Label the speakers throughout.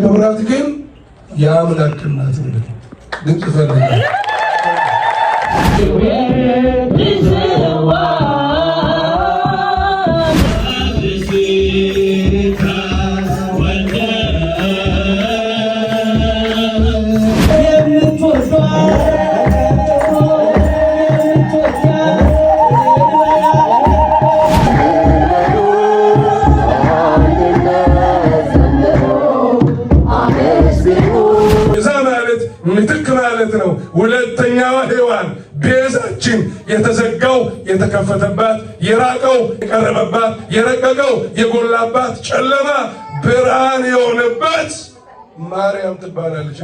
Speaker 1: ክብርና ግን የአምላክ እናት ድንቅ ፈልጋል የከፈተባት የራቀው የቀረበባት የረቀቀው የጎላባት ጨለማ ብርሃን የሆነበት ማርያም ትባላለች።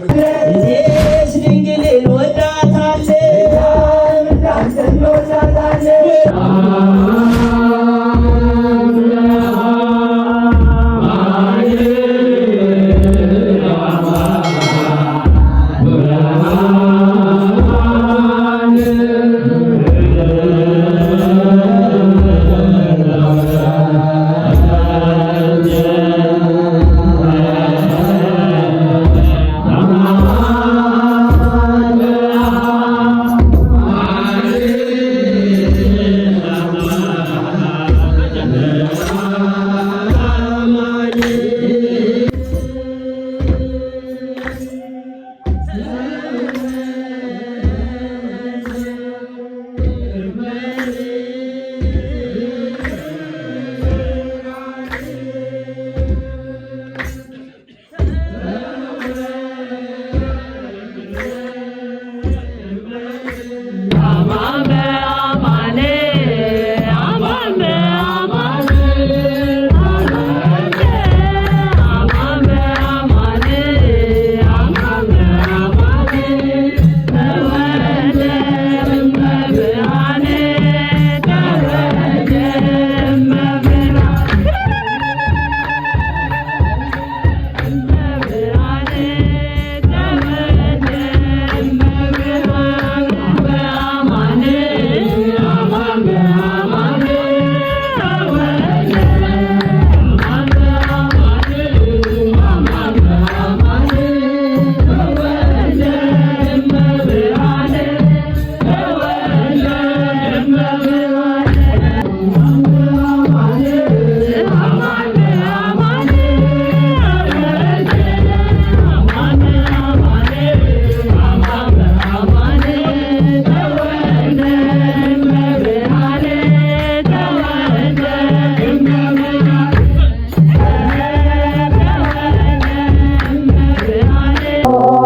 Speaker 1: Oh.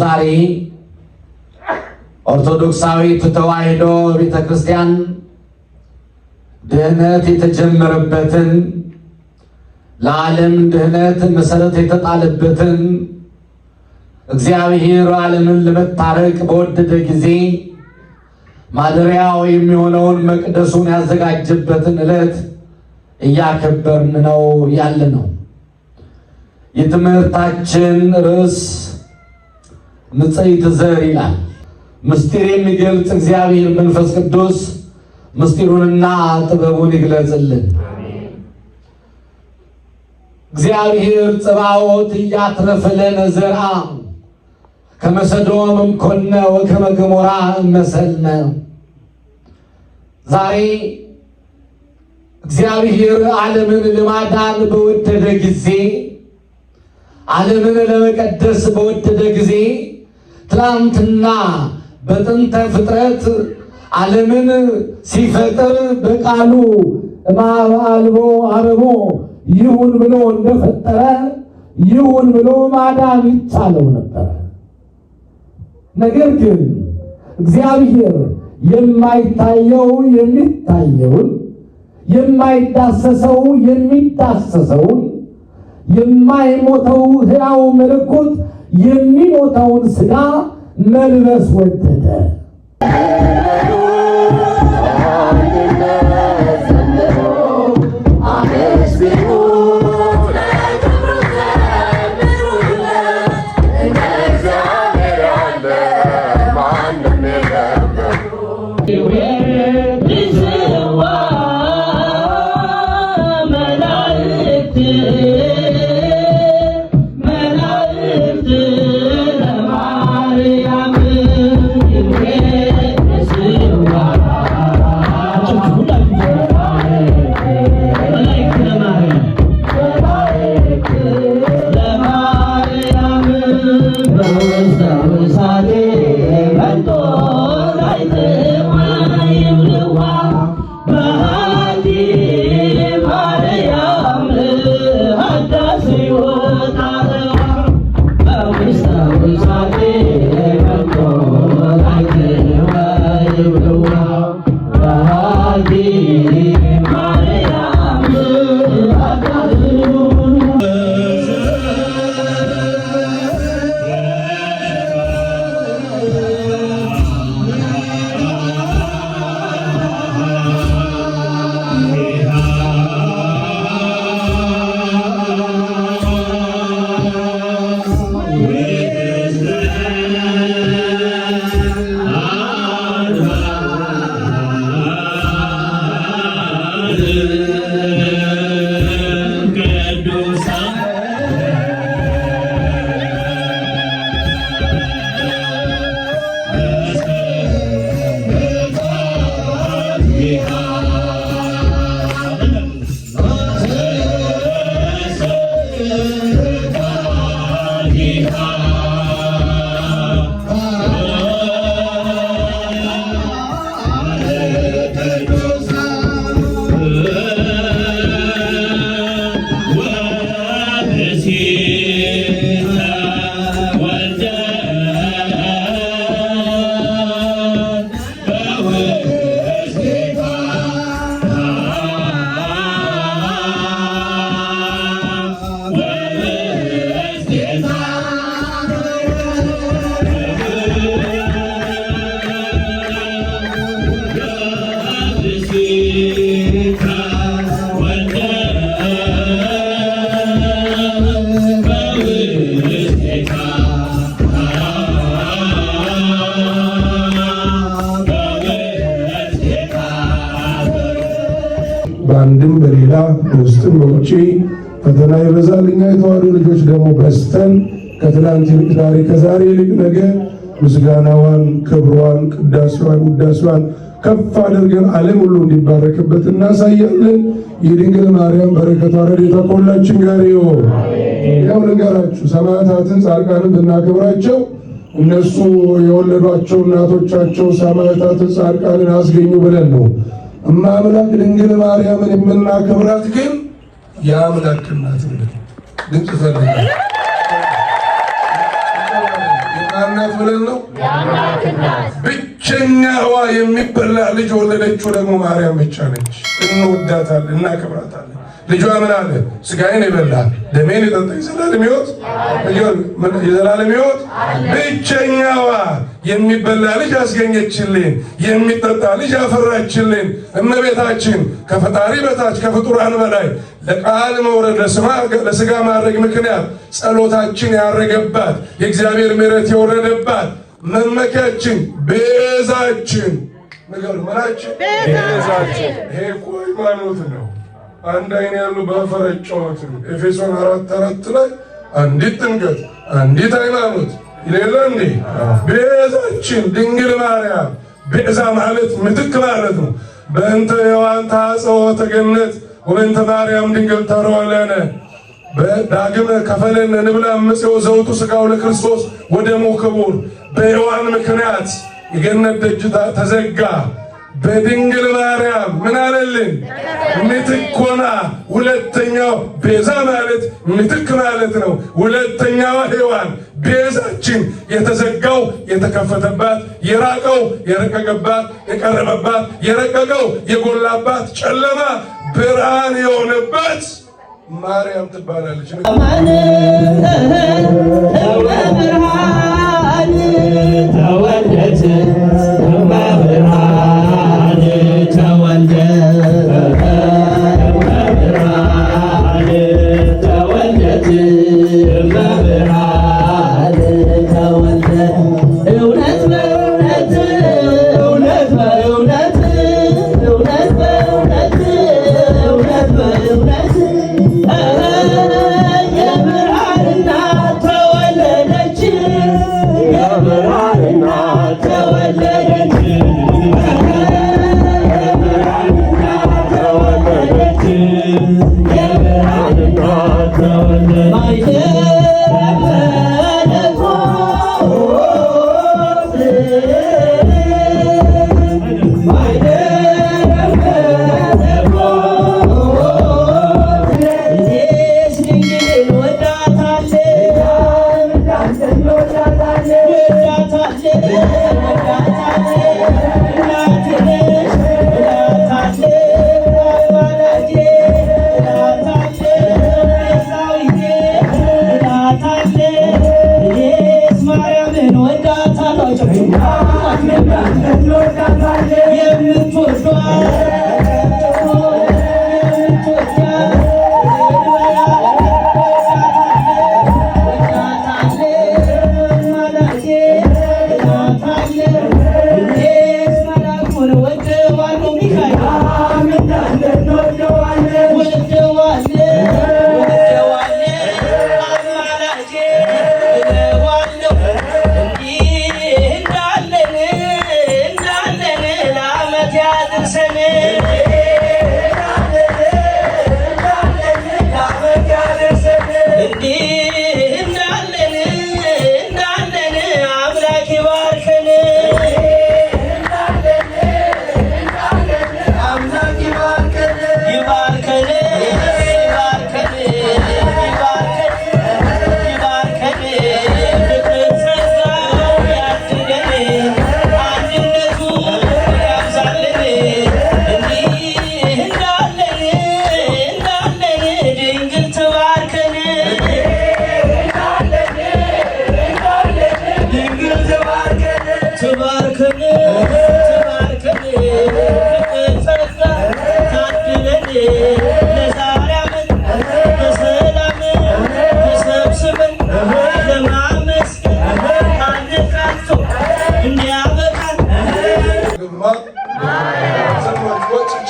Speaker 2: ዛሬ ኦርቶዶክሳዊት ተዋሕዶ ቤተ ክርስቲያን ድህነት የተጀመረበትን ለዓለም ድህነት መሰረት የተጣለበትን እግዚአብሔር ዓለምን ለመታረቅ በወደደ ጊዜ ማደሪያው የሚሆነውን መቅደሱን ያዘጋጀበትን ዕለት እያከበርን ነው ያለ ነው። የትምህርታችን ርዕስ ንጽሕት ዘር ይላል። ምስጢር የሚገልጽ እግዚአብሔር መንፈስ ቅዱስ ምስጢሩንና ጥበቡን ይግለጽልን። እግዚአብሔር ጽባኦት እያትረፈለነ ዘርአ ከመ ሰዶም እምኮነ ወከመ ገሞራ እመሰልነ። ዛሬ እግዚአብሔር ዓለምን ለማዳን በወደደ ጊዜ ዓለምን ለመቀደስ በወደደ ጊዜ ትላንትና በጥንተ ፍጥረት ዓለምን ሲፈጥር በቃሉ ማአልቦ አርቦ ይሁን ብሎ እንደፈጠረ ይሁን ብሎ ማዳን ይቻለው ነበረ። ነገር ግን እግዚአብሔር የማይታየው የሚታየውን፣ የማይዳሰሰው የሚዳሰሰውን፣ የማይሞተው ሕያው መለኮት የሚሞተውን ስጋ መልበስ ወደደ።
Speaker 1: ውስጥም ውጪ ፈተና ይበዛል። እኛ የተዋሕዶ ልጆች ደግሞ በስተን ከትላንት ይልቅ ዛሬ፣ ከዛሬ ይልቅ ነገ ምስጋናዋን፣ ክብሯን፣ ቅዳሴዋን፣ ውዳሴዋን ከፍ አድርገን ዓለም ሁሉ እንዲባረክበት እናሳያለን። የድንግል ማርያም በረከቷ ረድኤቷ ከሁላችን ጋር ይሁን። ያው ልንገራችሁ፣ ሰማዕታትን ጻድቃንን ብናከብራቸው እነሱ የወለዷቸው እናቶቻቸው ሰማዕታትን ጻድቃንን አስገኙ ብለን ነው እማምላክ ድንግል ማርያምን የምናከብራት ግን የአምላክ እናት ድንቅ ፈልግ እናት ብለን ነው ብቸኛዋ የሚበላ ልጅ ወለደችው ደግሞ ማርያም ብቻ ነች። እንወዳታለን፣ እናከብራታለን። ልጇ ምን አለ? ስጋዬን የበላ ደሜን የጠጣ የዘላለም ሕይወት የዘላለም ሕይወት ብቸኛዋ የሚበላ ልጅ አስገኘችልን፣ የሚጠጣ ልጅ አፈራችልን። እመቤታችን ከፈጣሪ በታች ከፍጡራን በላይ ለቃል መውረድ ለስጋ ማድረግ ምክንያት ጸሎታችን ያረገባት የእግዚአብሔር ምሕረት የወረደባት መመኪያችን ቤዛችን ንገሩ ምናችን ቤዛችን። ይሄ እኮ ሃይማኖት ነው። አንድ አይን ያሉ ባፈረጫዎት ኤፌሶን አራት አራት ላይ አንዲት ጥምቀት አንዲት ሃይማኖት ይሌለ እንዴ ቤዛችን ድንግል ማርያም። ቤዛ ማለት ምትክ ማለት ነው። በእንተ የዋንታ አጽወ ተገነት ወእንተ ማርያም ድንግል ተሮለነ በዳግመ ከፈለን ንብላ ምጽዮ ዘውቱ ስጋው ለክርስቶስ ወደሙ ክቡር በሔዋን ምክንያት የገነት ደጅ ተዘጋ። በድንግል ማርያም ምን አለልን? ምትኮና ሁለተኛው ቤዛ ማለት ምትክ ማለት ነው። ሁለተኛዋ ሔዋን ቤዛችን የተዘጋው የተከፈተባት፣ የራቀው የረቀቀባት፣ የቀረበባት፣ የረቀቀው የጎላባት፣ ጨለማ ብርሃን የሆነበት ማርያም ትባላለች። ተወልደት ভগবান 谢谢。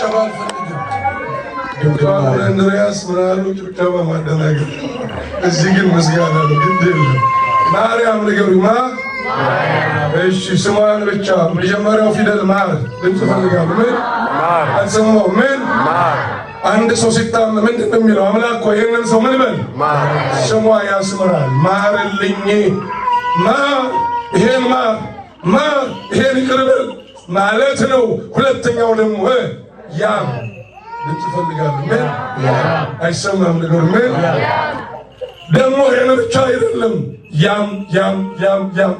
Speaker 1: ጭብጨባ አልፈልግም። እንድሪያስ ምናሉ ጭብጨባ ማደናገር እዚህ ግን ምስጋና ነው። ግድ የለም ማርያም ንገሩማ። እሺ ስሟን ብቻ መጀመሪያው ፊደል ማር ድምፅ ፈልጋሉ። ምን አልሰማው ምን አንድ ሰው ሲታመም ምንድን ነው የሚለው? አምላክ ሆይ ይህንን ሰው ምን በል ስሟ ያስምራል። ማርልኝ ማር ይሄን ማር ማር ይሄን ይቅር ማለት ነው። ሁለተኛው ደግሞ ያም ድምፅ ምን አይሰማም ነገር ምን ደግሞ ይህን ብቻ አይደለም። ያም ያም ያም ያም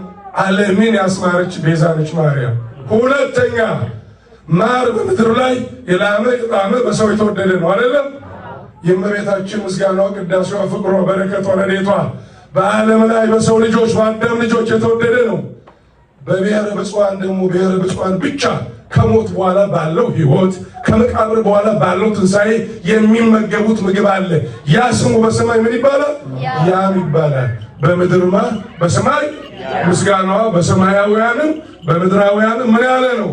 Speaker 1: ዓለምን ያስማረች ቤዛ ነች ማርያም። ሁለተኛ ማር በምድር ላይ የላመ የጣመ በሰው የተወደደ ነው አይደለም። የእመቤታችን ምስጋናዋ፣ ቅዳሴዋ፣ ፍቅሯ፣ በረከቷ፣ ረድኤቷ በዓለም ላይ በሰው ልጆች በአዳም ልጆች የተወደደ ነው። በብሔረ ብፁዓን ደግሞ ብሔረ ብፁዓን ብቻ ከሞት በኋላ ባለው ህይወት ከመቃብር በኋላ ባለው ትንሣኤ የሚመገቡት ምግብ አለ። ያ ስሙ በሰማይ ምን ይባላል? ያም ይባላል። በምድርማ በሰማይ ምስጋናዋ በሰማያውያንም በምድራውያንም ምን ያለ ነው?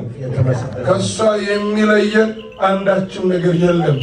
Speaker 1: ከእሷ የሚለየን አንዳችም ነገር የለም።